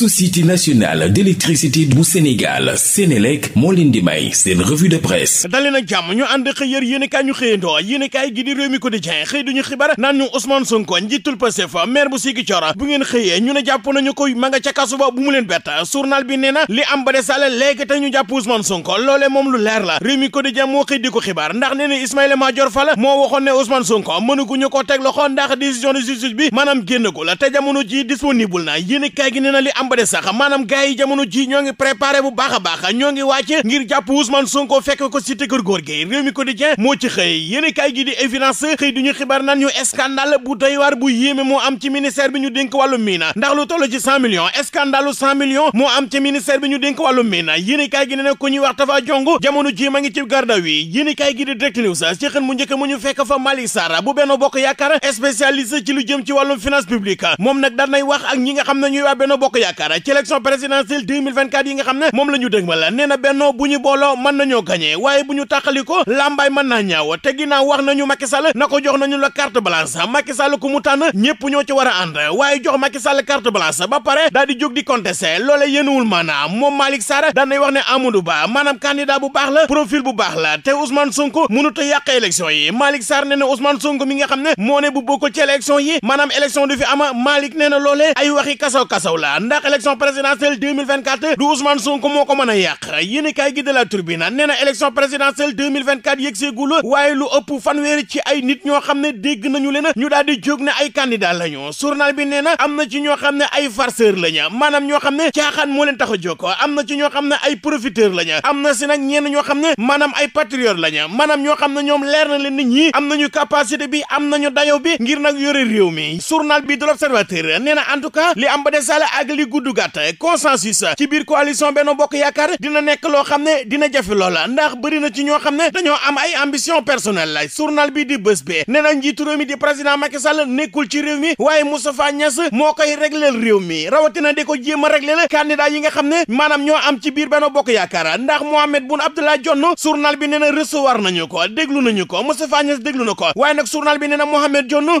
société nationale d'électricité bu Sénégal Sénélec moo leen di seen revue de presse dalee nag ñu ànd xëy yër yéenekaay ñu xëyandoo yéenekaay gi di Rewmi Quotidien xëy duñu xibaar naan ñu Ousmane Sonko njiitul Pastef maire bu Ziguinchor bu ngeen xëyee ñu ne jàpp nañu ko ma nga bu mu leen bett journal bi nee li am ba desale léegi te ñu jàpp Ousmane Sonko loolee moom lu leer la Rewmi ko xibaar moo waxoon ne ko teg ndax décision de justice ba de sax maanaam gars yi jamono ji ñoo ngi préparé bu baax a baax ñoo ngi wàcc ngir jàpp Ousmane Sonko fekk ko ci kër góor gi réew mi quotidien moo ci xëy yéen kaay gi di xëy du ñu xibaar naan ñu bu doy waar bu yéeme moo am ci ministère bi ñu dénk wàllu miina ndax lu toll ci cent millions scandalu cent millions moo am ci ministère bi ñu dénk wàllu miina yéen kaay gi ne nag ku ci xën mu njëkk mu ñu fekk fa Malick Sarr bu Benno Bokk Yaakaar yaakaar ci élection présidentielle 2024 yi nga xam ne moom la ñu dëgmal nee na Benno bu ñu booloo mën nañoo gañee waaye bu ñu tàqaliko lambaay mën naa ñaaw te ginnaaw wax nañu Macky Sall jox nañu la carte blanche Macky Sall ku mu tànn ñëpp ñoo ci a ànd waaye jox Macky Sall carte blanche ba pare daal di jóg di contesté loole yéenuwul maanaam moom Malick Sarr daan nay wax ne Amadou Ba maanaam candidat bu baax la profil bu baax la te Ousmane Sonko mënut a xam ne moo ne bu bokkul ci élection yi maanaam élection du yàq élection présidentielle 2024 du Ousmane Sonko moo ko mën a yàq yéen kaay gi de la Tribune nee na élection présidentielle 2024 yegg waaye lu ëpp fanweeri ci ay nit ñoo xam ne dégg nañu leen ñu daal di ne ay candidat lañu journal bi nee am na ci ñoo xam ne ay farceur lañu maanaam ñoo xam ne caaxaan moo leen tax a jóg am xam ne ay profiteur lañu am na si nag ñenn ñoo xam ne maanaam ay patriote lañu maanaam ñoo xam ne ñoom leer na leen nit ñi am nañu capacité bi am nañu dayo bi nag yore réew mi na en tout cas gudd gàtt consensus ci biir coalition Benno Bokk Yaakaar dina nekk loo xam ne dina jafe loola ndax bëri na ci ñoo xam ne dañoo am ay ambition personnelle la journal bi di bés bi nee na njiitu réew mi di président Macky Sall nekkul ci réew mi waaye Moustapha Niass moo koy régleel réew mi rawatina di ko jéem a régleel candidat yi nga xam ne maanaam ñoo am ci biir Benno Bokk Yaakaar ndax Mohamed Boun Abdallah Dionne journal bi nee na recevoir nañu ko déglu ko Moustapha na ko waaye nag journal bi nee na Mohamed Dionne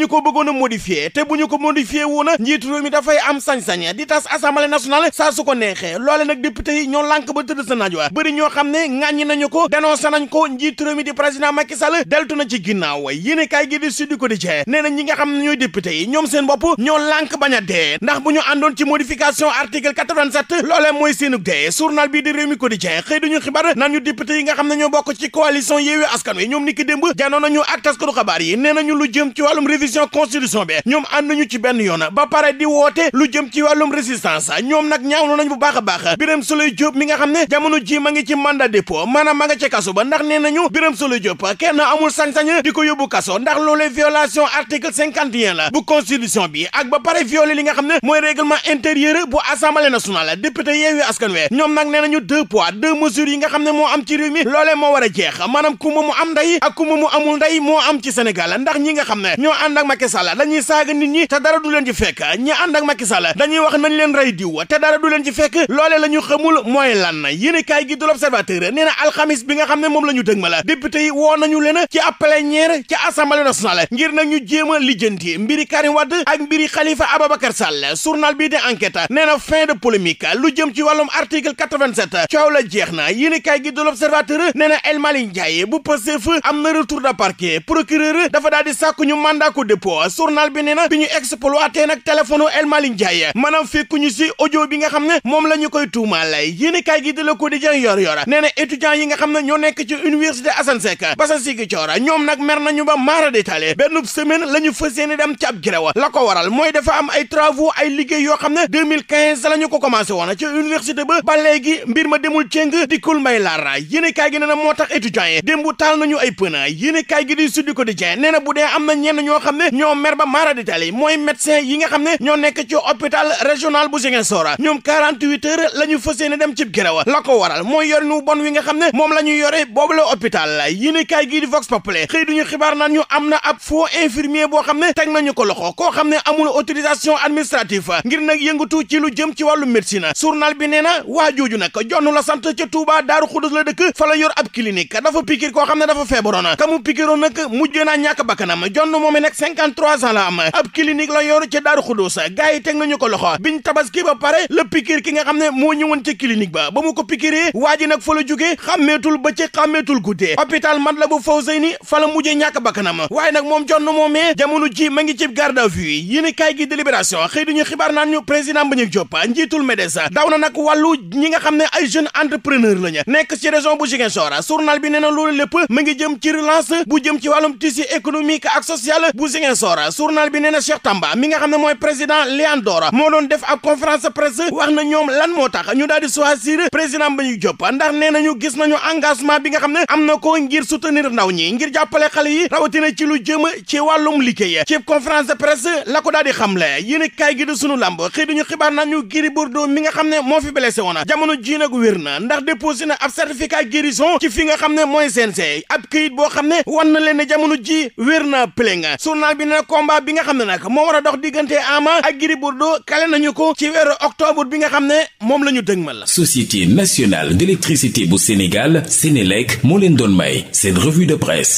ñu ko bëggoon a modifié te bu ñu ko modifié woon a njiitu mi dafay am sañ-sañ di tas assemblée nationale saa su ko neexee loole nag député yi ñoo lànk ba tëdd sa naaj wa bëri ñoo xam ne ŋàññi nañu ko dénoncé nañ ko njiitu réew mi di président Macky Sall deltu na ci ginnaaw way yéene kaay gi di Sud Quotidien nee na ñi nga xam ne ñooy député yi ñoom seen bopp ñoo lànk bañ a dee ndax bu ñu àndoon ci modification article 87 loolee mooy seenug dee journal bii di réew mi Quotidien xëy duñu xibaar naan ñu député yi nga xam ne ñoo bokk ci coalition Yewwi ñoom ni ki xabaar yi nee nañu lu jëm ci wàllum révision révision constitution bi ñoom ànd ñu ci benn yoon ba pare di woote lu jëm ci wàllum résistance ñoom nag ñaawlu nañ bu baax a baax Birame Souleye mi nga xam ne jamono ji man ngi ci mandat dépôt maanaam ma nga ca kaso ba ndax nee nañu Birame Souleye Diop kenn amul sañ-sañ di ko yóbbu kaso ndax loolee violation article cinquante la bu constitution bi ak ba pare li nga xam ne mooy règlement intérieur bu assemblée nationale député Yewwi Askan Wi ñoom nag nee ñu deux poids deux mesures yi nga xam ne moo am ci réew mi loolee a jeex maanaam kumba am nday moo am ci Sénégal ndax ñi nga xam ne ñoo ànd ak Macky Sall dañuy saaga nit ñi te dara du leen ci fekk ñi ànd ak Macky Sall dañuy wax nañ leen rey diw te du leen ci fekk loole la ñu mooy lan yéen kaay gi du l'observateur nee na alxamis bi nga xam ne moom la ñu dëg ma la député yi woo nañu leen ci ab plénière ci assemblée nationale ngir nag ñu jéem a lijjanti mbiri Karim Wade ak mbiri Khalifa Ababacar Sall journal bii di enquête nee na fin de polémique lu jëm ci wàllum article coow la jeex na yéen kaay gi du l'observateur nee na El dépôt journal bi nee na bi ñu exploité nag téléphone El Malick Ndiaye maanaam fekku ñu si audio bi nga xam ne moom la ñu koy tuumaal yéen kaay gi de Le Quotidien yor yor nee na étudiants yi nga xam ne ñoo nekk ci université Assane Seck Basse Ziguinchor ñoom nag mer nañu ba maara détaillé benn semaine la ñu fas yéene dem ci ab grève la ko waral mooy dafa am ay travo ay liggéey yoo xam ne 2015 la ñu ko commencé woon ci université ba ba léegi mbir ma demul cëng dikkul mbay laara yéen kaay gi nee na moo tax étudiants yi démb taal nañu ay pneu yéen kaay gi di Sud Quotidien nee na bu dee am na ñenn ñoo xam ne ñoo mer ba maara ditali mooy médecin yi nga xam ne ñoo nekk ci hôpital régional bu Ziguinchor ñoom 48 heures la ñu fas yéene dem cib grève la ko waral mooy yore nu bon wi nga xam ne moom la ñu yore boobu la hôpital yéene kaay gii di Vox Populi xëy duñu xibaar naan ñu am na ab faux infirmier boo xam ne teg nañu ko loxo koo xam ne amul autorisation administrative ngir nag yëngatu ci lu jëm ci wàllu médecine journal bi nee na waa jooju nag jonn la 53 ans la am ab clinique la yor ci Daaru Xudus gars yi teg nañu ko loxo biñ tabaski ba pare la pikiir ki nga xam ne moo ñëwoon ci clinique ba ba mu ko pikiiree waa ji nag fa la jógee xàmmeetul bëccëg xàmmeetul guddee hôpital Matlaboul Fawzayni fa la mujjee ñàkk bakkanam waaye nag moom jonn moomee jamono ji ma ngi ci garde à vue yéen a kaay gi délibération xëy duñu xibaar naan ñu président Mbagnick Diop njiitul MEDES daw na nag wàllu nga xam ne ay jeune entrepreneur la ñu nekk ci région bu Ziguinchor journal bi nee na loolu lépp ma ngi jëm ci relance bu jëm ci wàllum tissu ak social bu Ziguinchor journal bi nee na Cheikh Tamba mi nga xam ne mooy président Léandor moo doon def ab conférence presse wax na ñoom lan moo tax a ñu daal di choisir président ba ñu Diop ndax nee nañu gis nañu engagement bi nga xam ne am na ko ngir soutenir ndaw ñi ngir jàppale xale yi rawatina ci lu jëm ci wàllum liggéey ci conférence de presse la ko daal xam xamle yéen kaay gi di sunu lamb xëy duñu xibaar naan ñu Gris Bordeaux mi nga xam ne moo fi blessé woon jamono ji nag wér na ndax déposé na ab certificat guérison ci fi nga xam ne mooy CNG ab këyit boo xam ne wan na leen ne jamono ji wér na journal bi ne combat bi nga xam ne nag moo war a dox diggante Ama ak Gris Bordeaux kale nañu ko ci weer octobre bi nga xam ne moom la ñu dëgmal. Société nationale d'électricité bu Sénégal Sénélec moo leen doon may seen revue de presse.